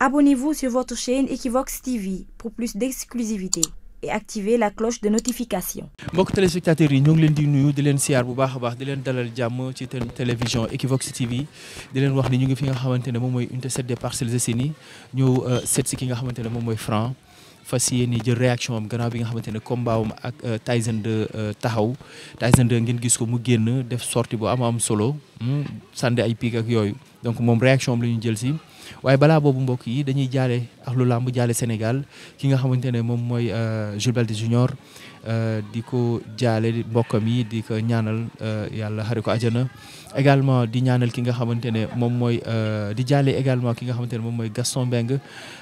Abonnez-vous sur votre chaîne Equivox TV pour plus d'exclusivité et activez la cloche de notification. mbokk téléspectateurs yi ñoo ngi leen di nuyu di leen siyaar bu baax a baax di leen dalal jàmm ci télévision Equivox TV di leen wax ni ñu ngi fi nga xamante ne moom mooy unité 7 des Parcelles Assainies ñëw euh, seet si ki nga xamante ne moom mooy fa fas yéene jël réaction am gannaaw bi nga xamante ne combat am ak euh, Tyson 2 euh, taxaw Tyson 2 ngeen gis ko mu génn def sortie bu am am solo hmm, sànni ay pic ak yooyu donc moom réaction la ñu jël si. waaye balaa boobu mbokk yi dañuy jaale ak lu làmb jaale Sénégal ki nga xamante ne moom mooy euh, Jules Balde Junior euh, di ko jaale mbokkam yi di ko ñaanal euh, yàlla xare ko àjjana également di ñaanal ki nga xamante ne moom mooy di jaale également ki nga xamante ne moom mooy Gaston mbeng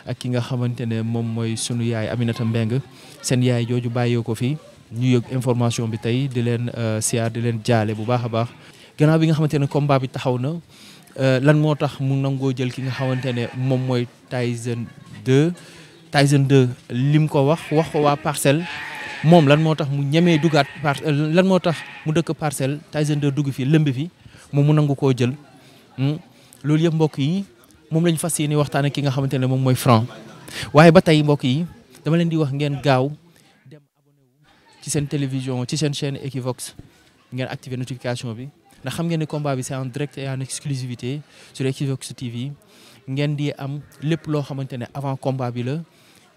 ak ki nga xamante ne moom mooy sunu yaay Aminata mbeng seen yaay jooju bàyyee ko fi ñu yëg information bi tey di leen siyaar di leen jaale bu baax a baax gannaaw bi nga xamante ne combat bi taxaw na. Euh, lan moo tax mu nangoo jël ki nga xamante ne moom mooy Tyson 2 Tyson 2 lim ko wax wax ko waa parcelle moom lan moo tax mu ñemee dugaat par euh, moo tax mu dëkk parcelle Tyson 2 dugg fi lëmb fi moom mu nangu koo jël hmm? loolu yëpp mbokk yi moom lañ fas yéene waxtaan ki nga xamante ne moom mooy Franc waaye ba tey mbokk yi dama leen di wax ngeen gaaw dem abonné wu ci seen télévision ci seen chaîne Equivox ngeen activer notification bi ndax xam ngeen ne combat bi c'est en direct et en exclusivité sur Equivox TV ngeen di am lépp loo xamante ne avant combat bi la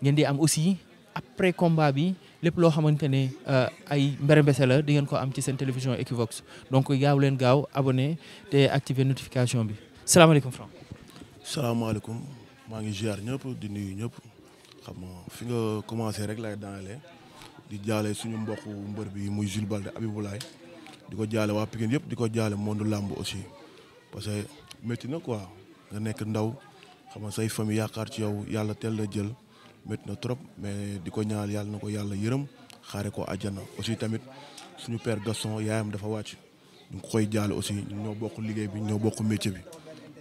ngeen di am aussi après combat bi lépp loo xamante ne euh, ay mbere mbérembese la di ngeen ko am ci seen télévision Equivox donc gaaw leen gaaw abonné te activer notification bi salaamaaleykum Franck. salaamaaleykum maa ngi ziar ñëpp di ñëpp xam nga fi nga commencé rek laay daanalee di jaale suñu mbokk mbër bi muy Jules Balde Abibou di ko jaale waa Pikine yëpp di ko jaale monde làmb aussi parce que métti na quoi nga nekk ndaw xam nga say famille yaakaar ci yow yàlla teel la jël métti na trop mais di ko ñaar yàlla na ko yàlla yërëm xaare ko àjjana aussi tamit suñu père Gaston yaayam dafa wàcc ñu koy jaale aussi ñoo bokk liggéey bi ñoo bokk métier bi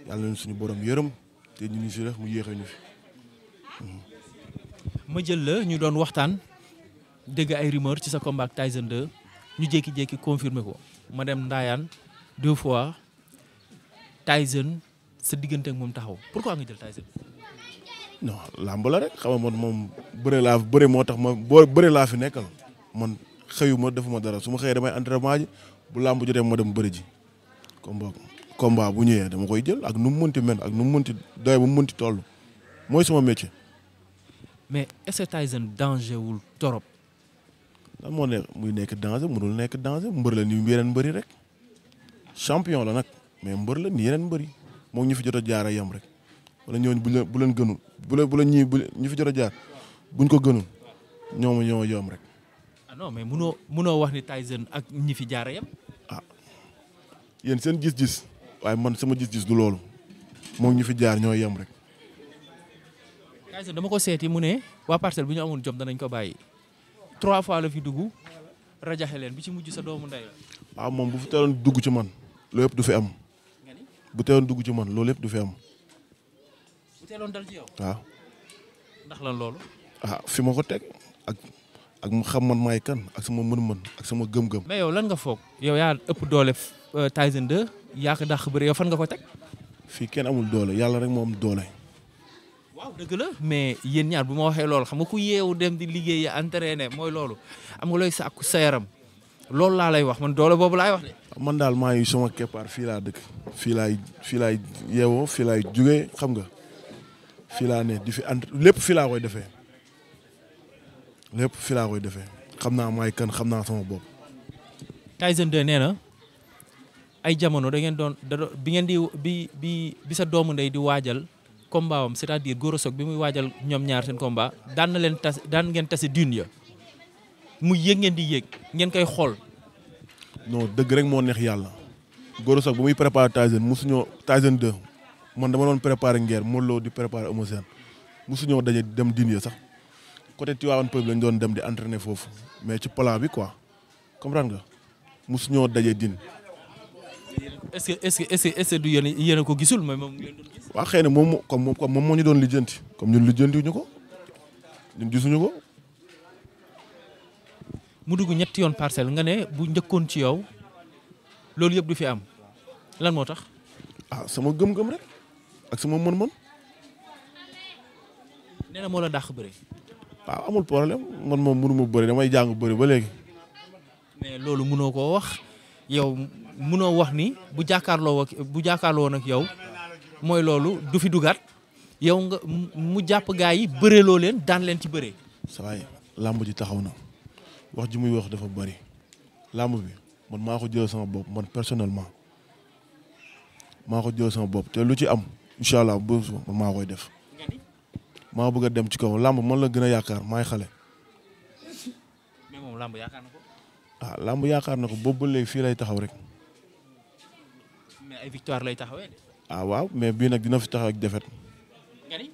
yàlla nañu suñu borom yërëm te ñu ngi si def mu yéexee ñu fi. ma jël la ñu doon waxtaan dégg ay rumeur ci sa combat Tyson 2 ñu jékki-jékki confirmer ko ma dem Ndaayaan deux fois Tyson sa diggante ak moom taxaw pour pourquoi nga jël Tyson. non làmb la rek xam nga man moom bëre laa bëre moo tax ma boo bëre laa fi nekkal man xëyuma defuma dara su ma xëyee damay entraînement ji bu làmb jotee ma dem bëri ji. combat combat bu ñëwee dama koy jël ak nu mu mënti mel ak nu mu mënti doy bu mu mënti toll mooy sama métier. mais est-ce que wul torop lan moo ne muy nekk danger mënul nekk danger mbër la ni yeneen mbëri rek champion la nag mais mbër la ni yeneen mbëri moom ñu fi jot a jaar a yem rek wala ñooñu bu leen bu leen gënul bu leen bu leen ñii ñu fi jot a jaar buñ ko gënul ñoom ñoo yem rek. ah non mais mënoo mënoo wax ni Tyson ak ñi fi jaar yem. ah seen gis waaye man sama gis-gis loolu moom ñu fi jaar ñoo yem rek. Tyson dama ko seeti mu ne waa parcel bu ñu amoon jom danañ ko bàyyi. trois fois la fi dugg rajaxe leen bi ci mujj sa doomu ndey la. waaw moom bu fi teeloon dugg ci man loolu yëpp du fi am. bu dugg ci man loolu yëpp du fi am. bu dal waaw. ndax lan loolu. ah fi ma ko teg ak ak mu xam man maay kan ak sama mën-mën ak suma gëm-gëm. mais yow lan nga foog. yow yaa ëpp doole euh, Tyson 2 yaa ko dàq yow fan nga ko teg. fii kenn amul doole yàlla rek moom doole. waaw dëgg la mais yéen ñaar bu ma waxee loolu xam nga ku yeewu dem di liggéey ne mooy loolu am nga looy sàkku sa yaram loolu laa lay wax man doole boobu laay wax de. man daal maa ngi sama keppaar fii laa dëkk fii laay fii laay yeewoo fii laay jugee xam nga fii laa ne di fi ent lépp fii laa defee lépp fii defee xam naa maay kan xam naa sama bopp. Tyson 2 nee ay jamono da ngeen doon da bi ngeen di bi bi bi sa doomu ndey di waajal. comme am c'est-à-dire Gora Sock bi muy waajal ñoom ñaar seen combat daan na leen tas daan ngeen tase dune ya mu yéeg ngeen di yéeg ngeen koy xool. non dëgg rek moo neex yàlla. Gora Sock ba muy préparé Tyson mosuñoo Tyson 2 man dama doon préparé Nguer mu Lô di préparé Eumeu Sène mosuñoo daje dem dune ya sax côté Tivaouane Peulh lañ doon dem di entraîner foofu mais ci plan bi quoi comprendre nga mosuñoo daje dune. est-ce que est-ce que est-ce que waaw xëy na moom comme moom comme moom moo ñu doon lijjanti comme ñun lijjantiwuñu ko ñun ko. mu dugg ñetti yoon parcelle nga ne bu njëkkoon ci yow loolu yëpp du fi am lan moo tax. ah sama gëm ak sama mën-mën. nee na moo la dàq bëri. waaw ah, amul problème man moom mënu ma damay jàng bëri ba léegi. mais loolu mënoo koo wax yow mënoo wax ni bu jàkkaarloo ak bu jàkkaarloo nag yow. mooy loolu du fi dugaat yow nga mu jàpp gaa yi bëreeloo leen daan leen ci bëree. sawaay làmb ji taxaw na wax ji muy wax dafa bëri làmb bi man maa ko jël sama bopp man personnellement maa ko jël sama bopp te lu ci am incha allah bu man maa koy def maa bëgg a dem ci kaw làmb man la gën a yaakaar maay xale. mais moom làmb yaakaar na ko. Ah, na ko boobu fii lay taxaw rek. mais ay victoire lay taxawee ah waaw mais bii nag dina fi taxaw ak defet. nga ni.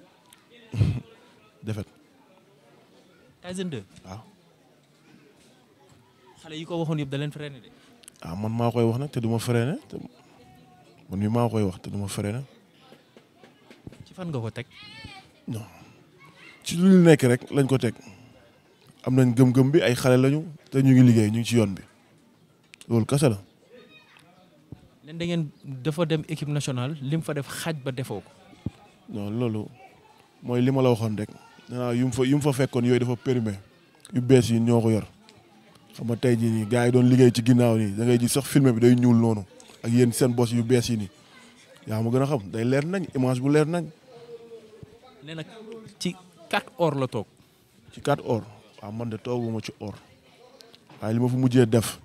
defet. waaw. xale yi ko waxoon yëpp da leen freiné ah, man maa koy wax nag te du ma freiné te man mii maa koy wax te du ma freiné. ci fan nga ko teg. non ci lu nekk rek lañ ko teg am nañ gëm-gëm bi ay xale lañu te ñu ngi liggéey ñu ngi ci yoon bi loolu kese la. leen da ngeen dafa dem équipe nationale lim fa def xaaj ba defoo ko. non loolu mooy li ma la waxoon rek nee naa yu mu fa yu mu fa fekkoon yooyu dafa périmé yu bees yi ñoo ko yor xam nga tey jii nii gars yi doon liggéey ci ginnaaw nii da ngay ji sax filmé bi day ñuul noonu ak yéen seen bos yu bees yi nii yaa ma gën a xam day leer nañ image bu leer nañ. nee na ci 4 heures la toog. ci 4 heures ah, man de tooguma ci heure waaye li ma mujjee def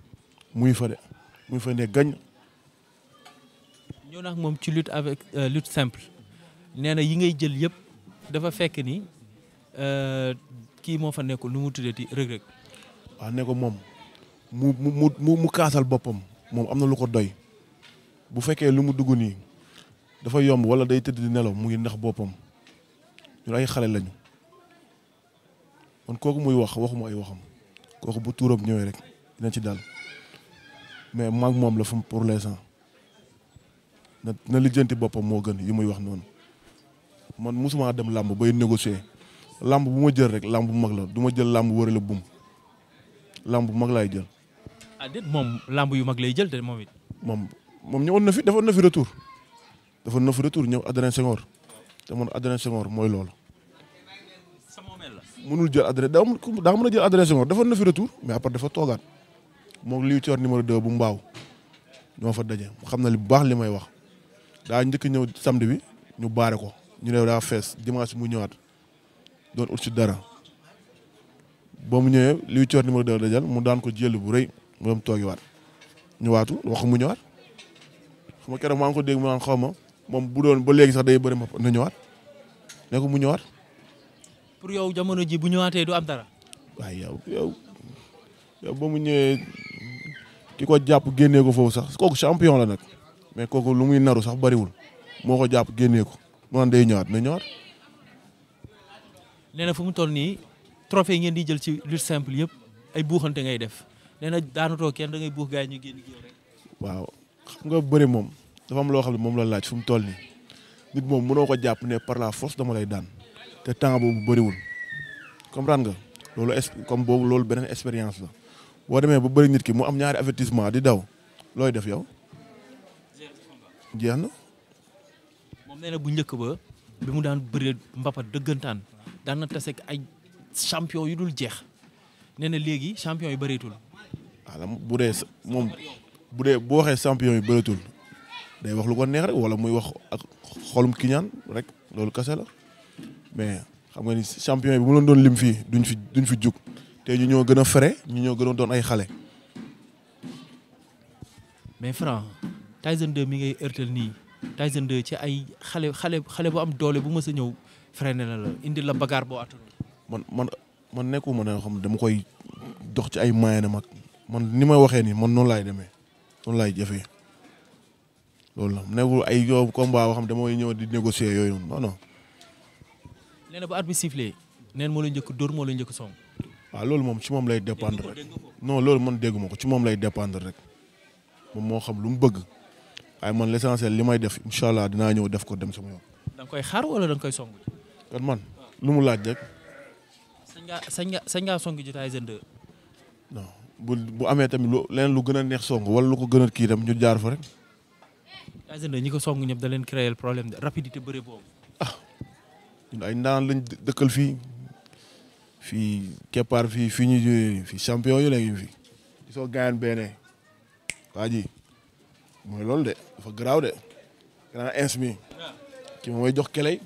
muy fa de muy fa ne gañ. ñëw nag moom ci lutte avec euh, lutte simple nee na yi ngay jël yëpp dafa fekk ni euh, kii moo fa nekkul nu mu tuddati Reug Reug waaw ne ko moom mu mu mu mu kaasal boppam moom am na lu ko doy bu fekkee lu mu dugg nii dafa yomb wala day tëdd di nelaw muy ngi ndax boppam ñun ay xale lañu kon kooku muy wax waxuma ay waxam kooku bu tuuram ñëwee rek dina ci dal mais mag moom la fu pour l'instant na na lijjanti boppam moo gën yi muy wax noonu man musuma dem làmb bay négocier làmb bu ma jël rek làmb bu mag la du jël làmb wërale bum làmb bu mag laay jël. Ah, moom làmb yu mag lay jël te moom it. moom moom ñëwoon na fi defoon na fi retour defoon ñëw Adrien Senghor te man Adrien Senghor mooy loolu. mënul jël adresse daa daa mën a jël adresse na fi retour mais après dafa toogaat moom liy ci war numéro 2 bu mbaaw ñoo fa daje xam na li bu baax li may wax. daa njëkk ñëw samedi bi ñu baare ko ñu ne daa fees dimanche mu ñëwaat doon ut si dara ba mu ñëwee liy coor numéro 2 la jël mu daan ko jël bu rëy mu dem toogiwaat ñëwaatu wax mu ñëwaat xam nga keroog maa ngi ko dégg mu xaw ma moom bu doon ba léegi sax day bëri mbapat na ñëwaat nekk mu ñëwaat. pour yow jamono ji bu ñëwaatee du am dara. waaye yow yow ba mu ñëwee ki ko jàpp génnee ko foofu sax kooku champion la nag. mais kooku lu muy naru sax bariwul moo ko jàpp génnee ko mu day ñëwaat na ñëwaat. nee na fu mu toll nii trophée ngeen di jël ci lutte simple yëpp ay buuxante ngay def nee na daanutoo kenn da ngay buux gars yi ñu génn géew rek. waaw xam nga bëri moom dafa am loo xam ne moom la laaj fu mu toll nii nit moom mënoo ko jàpp ne par la force dama lay daan te temps boobu bëriwul comprendre nga loolu comme boobu loolu beneen expérience la boo demee ba bëri nit ki mu am ñaari avertissement di daw looy def yow. jeex na. moom nee na bu njëkk ba bi mu daan bëree mbappat dëggantaan daan na tase ak ay champion yu dul jeex nee na léegi champion yu bëreetul. waaw ah, bu dee moom bu dee boo waxee champion yu bëreetul day wax lu ko neex rek wala muy wax ak xolum kiñaan rek loolu kase la mais xam nga ni champion yi bu mu leen doon lim fii duñ fi duñ fi jug te ñu ñoo gën a fere ñu ñoo gën a doon ay xale. mais Franc Tyson 2 mi ngay ërtal nii Tyson 2 ci ay xale xale xale bu am doole bu mës a ñëw freiné la la indi la bagaar boo attan. man man man nekkuma ne xam dama koy dox ci ay moyen mag man ni may waxee nii man noonu laay demee noonu laay jëfee loolu la nekkul ay yow combat boo xam damay ñëw di négocier yooyu non non. nee na bu arbitre sifflé la njëkk dóor moo la njëkk song. waaw loolu moom ci moom lay dépendre rek non loolu man dégguma ko ci moom lay dépendre rek moom moo xam lu mu bëgg. waaye man l'essentiel li may def incha allah dinaa ñëw def ko dem sama yoon. da koy xaar wala da nga koy song. kon man lu mu laaj rek. sañ ngaa sañ ngaa sañ ngaa song jotaay bu amee tamit lu leneen lu gën a neex song wala lu ko gën a kii tam ñu jaar fa rek. Tyson ñi ko song ñëpp da leen créer problème de rapidité bëre boobu. ah ñun ay ndaan lañ dëkkal fii fii keppaar fii fii ñu fii champion yu la ñu fi. soo gaañoon benn waa mooy loolu de dafa garaaw de grand ins mi ki mooy jox clé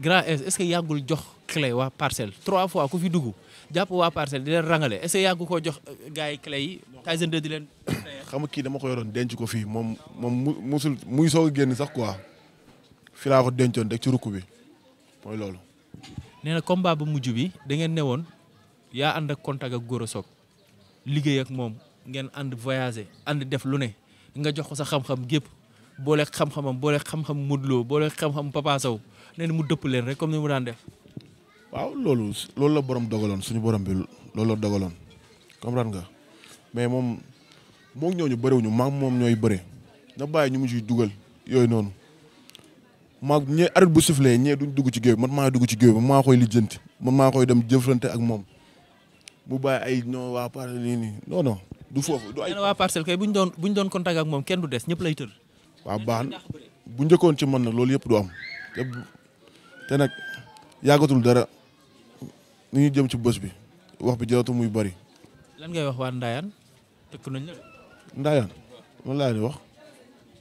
grand ins est-ce que yàggul jox clé waa parcelle trois fois ku fi dugg jàpp waa parcelle di leen rangale est-ce que yàggu koo jox euh, gars yi clé yi Tyson di leen xam kii dama ko yoroon denc ko fii moom moom mu musul muy soog a génn sax quoi fi laa dencoon rek ci rukk bi mooy loolu nee na combat bu mujj bi da ngeen ne woon yaa ànd ak contact ak Gora Sock liggéey ak moom ngeen ànd voyager ànd def lu ne nga jox ko sa xam-xam gépp boole xam-xamam boole xam-xam Modou Lo boole xam-xam mu dëpp leen rek comme ni mu daan def. waaw loolu loolu la borom dogaloon suñu borom bi loolu la dogaloon comprendre nga mais moom moom ñooñu bëriwuñu maam moom ñooy bëre na baay ñu mu ciy dugal yooyu noonu maag ñee arrêt bu sifflé ñee duñ dugg ci géew man maa dugg ci géew man maa koy lijjanti man maa koy dem jëflante ak moom mu bàyyi ay non waa pare lii nii non non du foofu du ay. waa parcelle kay bu ñu doon bu ñu doon contact ak moom kenn du des ñëpp lay tër. waaw baax na bu njëkkoon ci man nag loolu yëpp du am te te nag yàggatul dara ni ñu jëm ci bés bi wax bi jaratu muy bari. lan ngay wax waa Ndayane tëkk nañ la. Ndayane laa di wax.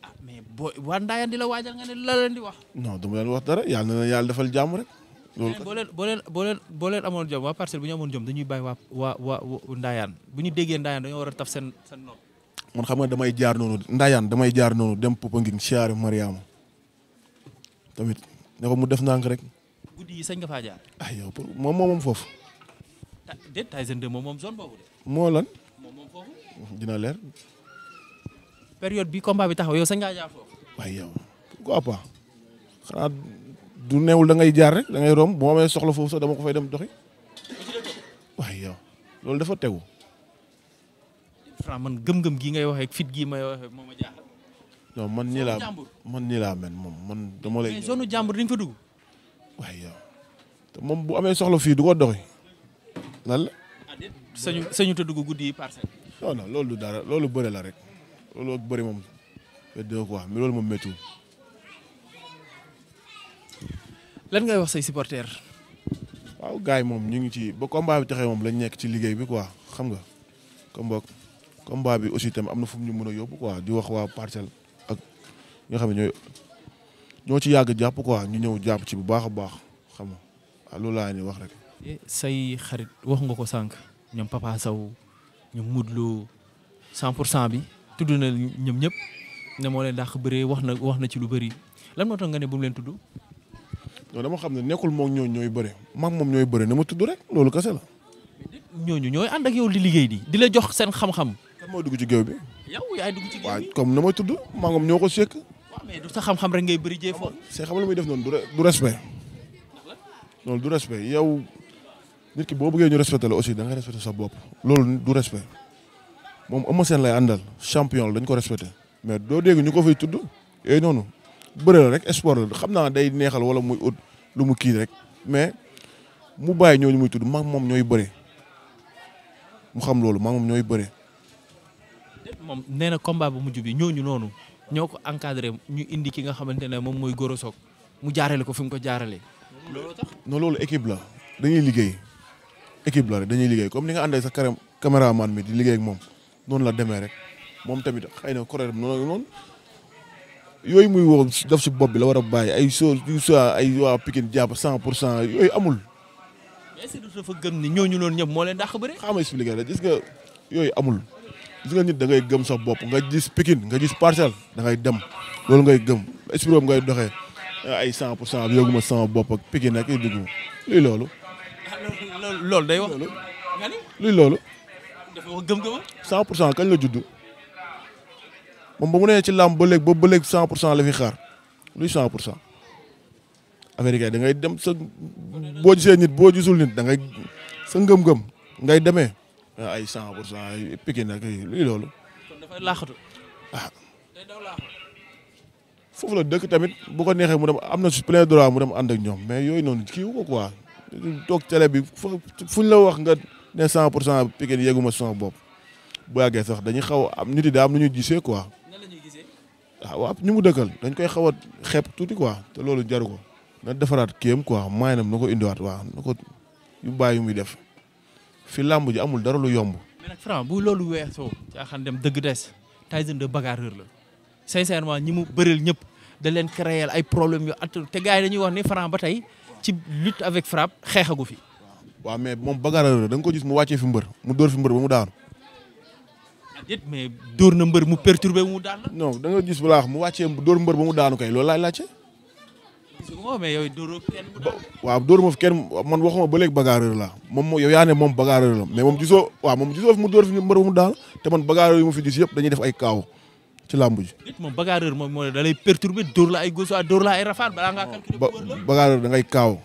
ah mais boo waa Ndayane di la waajal nga ne la leen di wax. non dama leen wax dara yàlla na yàlla defal jàmm rek. boo leen boo boo leen boo leen amoon jom waa parcelle bu ñu amoon jom dañuy bàyyi waa waa waa bu ñu déggee ndaayaan dañoo war a taf seen seen nopp man xam nga damay jaar noonu ndaayaan damay jaar noonu dem Popenguine siyaare Mariama tamit ne ko mu def ndànk rek guddi yi sañ nga faa jaar ay ah, yow pour moom moom foofu déet Tyson 2 moom moom zone boobu de moo lan moom leer période bi combat bi taxaw yow sañ ngaa jaar foofu waaye yow pourquoi pas du neewul da ngay jaar rek da ngay romb bu amee soxla foofu sax dama ko fay dem doxi waaye yow loolu dafa tegu. Franc man gëm-gëm gii ngay waxee fit gii may waxee moo ma jaaxal. nii laa man nii laa mel moom man dama lay. mais zone jàmbur dañ fa dugg. waaye yow te moom bu amee soxlo fii du ko doxi lan la. Ah, sañu sañu te dugg guddi yi parcelle. non non loolu du loolu bëri la rek loolu bëri moom. doo ko wax loolu moom méttiwul. lan ngay wax say supporters. waaw gars yi moom ñu ngi ci ba combat bi taxee moom lañ nekk ci liggéey bi quoi xam nga comme boog bi aussi tam am na fu mu ñu mun a yóbbu quoi di wax waa parcelle ak ñoo xam ne ñooy ñoo ci yàgg jàpp quoi ñu ñëw jàpp ci bu baax a baax xam nga waaw laa ni wax rek. Eh, say xarit wax nga ko sànq ñoom Papa Sow ñoom Modou Lo 100 pour cent bi tudd na ñoom ñëpp ne moo leen dàq bëree wax na wax na ci lu bëri lan moo tax nga ne bum leen tudd. non dama xam ne nekkul moom ñooñu ñooy bëre maam moom ñooy bëre na ma tudd rek loolu kese ñooñu ñooy ànd ak yow di liggéey di di la jox seen xam-xam. kan moo dugg ci géew bi. yow waaw comme na ma tudd maa moom ñoo ko sekk. du sa xam-xam rek ngay bëri jee foofu. c'est xam la muy def noonu du respect. loolu du respect yow nit ki boo bëggee ñu respecté la aussi da nga respecté sa bopp loolu du respect moom Eumeu Sène lay àndal champion la dañ ko respecté mais doo dégg ñu ko fi tudd yooyu noonu bëre la rek sport la xam naa day neexal wala muy ut lu mu kii rek mais mu bàyyi ñu muy tudd mag moom ñooy bëre mu xam loolu mag moom ñooy bëre. moom nee na combat bu mujj bi ñooñu noonu ñoo ko encadré ñu indi ki nga xamante ne moom mooy Goro mu jaarale ko fi mu ko jaarale loolu tax loolu équipe la dañuy liggéey équipe la rek dañuy liggéey comme ni nga àndee sa caméraman mi di liggéey ak moom noonu la demee rek moom tamit xëy na kuréel bi noonu yooyu muy wax def si bopp bi la war a bàyyi ay soo soit ay waa Pikine jàpp cent pour cent yooyu amul. mais si dafa gëm ni ñooñu noonu ñëpp moo leen dàq bëre. xam nga expliqué gis nga yooyu amul gis nga nit da gëm sa bopp nga gis Pikine nga gis Parcelles da ngay dem loolu ngay gëm esprit ngay doxee ah, ay cent pour cent yóbbu ma sama bopp ak Pikine ak i dugg luy ah, loolu. loolu day wax. luy loolu. dafa wax gëm-gëm. cent pour cent kañ la judd. moom ba mu nee ci làmb ba léegi ba ba léegi cent pour cent la fi cent pour cent américain da ngay dem sa boo gisee nit boo gisul nit da ngay sa ngëm-ngëm ngay demee ah, ay cent pour cent ay Pikine ak luy loolu. kon dafay laaxatu. ah. day foofu la dëkk tamit bu ko neexee mu dem am na su plein droit mu dem ànd ak ñoom mais yooyu noonu kii wu ko quoi toog télé bi fuñ la wax nga ne cent pour cent Pikine yeguma sama bopp bu yàggee sax dañuy xaw am nit yi daa am ñu ñuy gisee quoi. waaw waa ñu mu dëkkal dañ koy xaw a xeeb tuuti quoi te loolu jaru ko na defaraat kéem quoi maay nam na ko indiwaat waa na ko yu muy def fi làmb ji amul dara lu yomb. mais nag Franc bu loolu weesoo xan dem dëgg des Tyson de bagarreur la sincèrement ñi mu bëril ñëpp da leen créé ay problème yu at te gars yi dañuy wax ne Franc ba tey ci lutte avec frappe xeexagu fi. waaw mais moom bagarreur la da nga ko gis mu wàccee fi mbër mu dóor fi mbër ba mu daanu. déet mais dóor na mbër mu perturbé mu daan la. non gis bu laax mu wàccee dóor mbër ba mu daanu kay loolu laay laa gisuma mais yow dóoroo waaw dóor ma fi kenn man waxuma ba léegi bagarreur la moom moo yow yaa moom bagarreur la mais moom gisoo moom gisoo fi mu dóor fi mbër ba mu daan te man bagarreur yi ma fi gis yëpp dañuy def ay kaaw ci làmb ji. moom moom moo da lay perturbé ay gauche waaye dóor la ay rafaat balaa ngaa calculer. ba bagarreur da ngay kaaw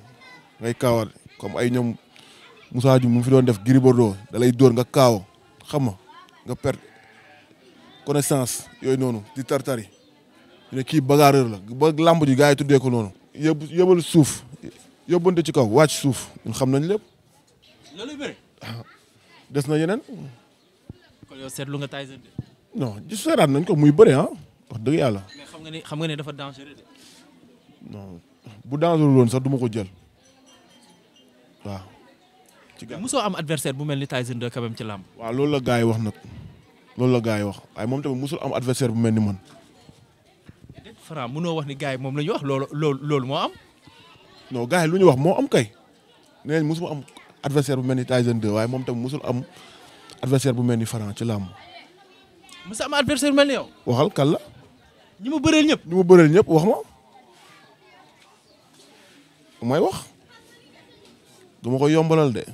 ngay kaawar comme ay ñoom Moussa Dioum mu fi doon def Gris Bordeaux da lay dóor nga kaaw xam nga nga perte connaissance yooyu noonu di tartari ñu ne kii bagarreur la ba làmb ji gars yi tuddee ko noonu. yóbbu yóbbal suuf yóbbante ci kaw wàcc suuf ñun xam nañ lépp. des na yeneen. kon yow seetlu nga Tyson de. non gis seeraat nañ ko muy bëri ah wax dëgg yàlla. xam nga ni xam nga ne dafa dangereux de. non bu dangereux woon sax duma ko jël waaw. ci gàllankoor mosoo am adversaire bu mel ni Tyson de ci làmb. waaw loolu la gars yi wax nag. loolu la gaa yi wax waaye moom tamit musul am adversaire bu mel ni man. Franc mënoo wax ni gars yi moom la ñu wax loolu loolu loolu moo am. noo gaa yi lu ñu wax moo am kay nee nañ musuma am adversaire bu mel ni Tyson 2 waaye moom tamit musul am adversaire bu mel ni Franc ci làmb. musul am adversaire bu mel ni yow. waxal kalla ñu ñi ma ñëpp. ñi ma bëreel ñëpp wax ma. mooy wax. du ma ko yombalal de.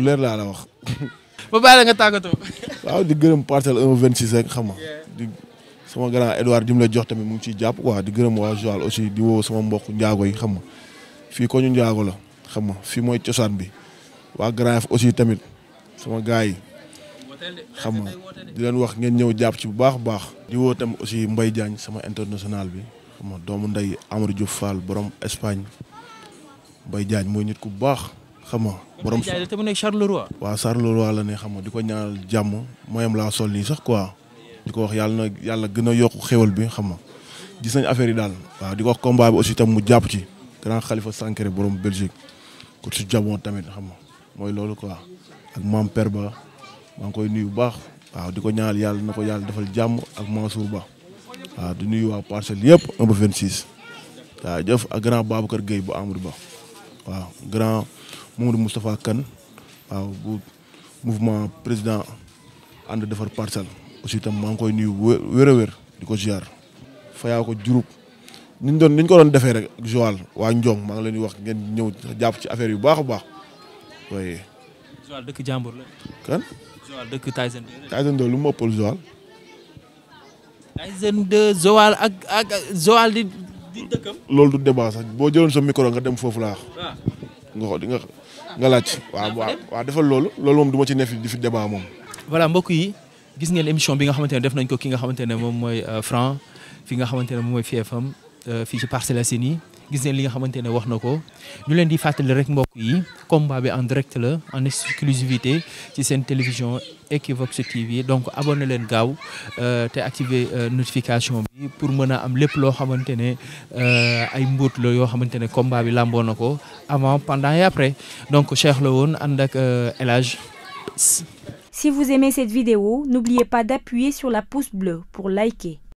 leer laa la wax. ba bàyyi nga tàggatoo. waaw di gërëm parcelle 1 26 rek xam nga di sama grand Edouard di mu la jox tamit mu ngi ciy jàpp quoi di gërëm waa Joal aussi di woo sama mbokk njaago yi xam nga fii ko ñu njaago la xam nga fii mooy cosaan bi waa grand aussi tamit sama gars yi xam nga di leen wax ngeen ñëw jàpp ci bu baax baax. di woo tamit aussi Mbaye Diagne sama international bi xam nga doomu ndey Amadou Diouf Fall borom Espagne Mbaye Diagne mooy nit ku baax. xam nga borom jaay te mu nekk a waaw Charleroi la ne xam nga di ko ñaanal jàmm am laa sol nii sax quoi di ko wax yàlla na yàlla gën a yokk xéwal bi xam nga gis nañ affaire yi daal. waaw di ko wax combat bi aussi tam mu jàpp ci grand Khalifa Sankere borom Belgique ku ci jabon tamit xam nga mooy loolu quoi ak maam Père Ba maa ngi koy nuy bu baax. waaw di ko ñaanal yàlla na ko yàlla defal jàmm ak Mansour Ba waaw di nuyu waa parcelle yëpp 1 ba 26 waaw jëf ak grand Babacar Gueye bu Amadou Ba waaw Mamadou Moustapha Kane waaw bu mouvement président ànd defar parcelle aussi tam maa ngi koy nuyu wér wér di ko ziar fayaa ko jurub niñ doon niñ ko doon defee rek Joal waa Njong maa ngi leen di wax ngeen ñëw jàpp ci affaire yu baax a baax waaye. Joal dëkk jàmbur la. kan. Joal dëkk Tyson 2. Tyson 2 lu mu ëppal Joal. Tyson 2 Joal ak ak Joal di di dëkkam. loolu du débat sax boo jëloon sa micro nga dem foofu laa. waaw ah. nga di nga. nga laaj waaw waa waaw defal loolu loolu moom du ma ci neef di fi débat moom. voilà mbokk yi gis ngeen émission bi nga xamante ne def nañ ko ki nga xamante ne moom mooy euh, Franc fi nga xamante ne moom mooy Fii FM euh, fii ci Parcelles Assainies gis ngeen li nga xamante ne wax na ko ñu leen di fàttali rek mbokk yi combat bi en direct la en exclusivité ci seen télévision Equivox TV donc abonné leen gaaw euh, te activer euh, notification bi pour mën a am lépp loo xamante ne euh, ay mboot la yoo xamante ne combat bi làmboo na ko avant pendant et après donc Cheikh la woon ànd ak El Si vous aimez cette vidéo, n'oubliez pas d'appuyer sur la pouce bleue pour liker.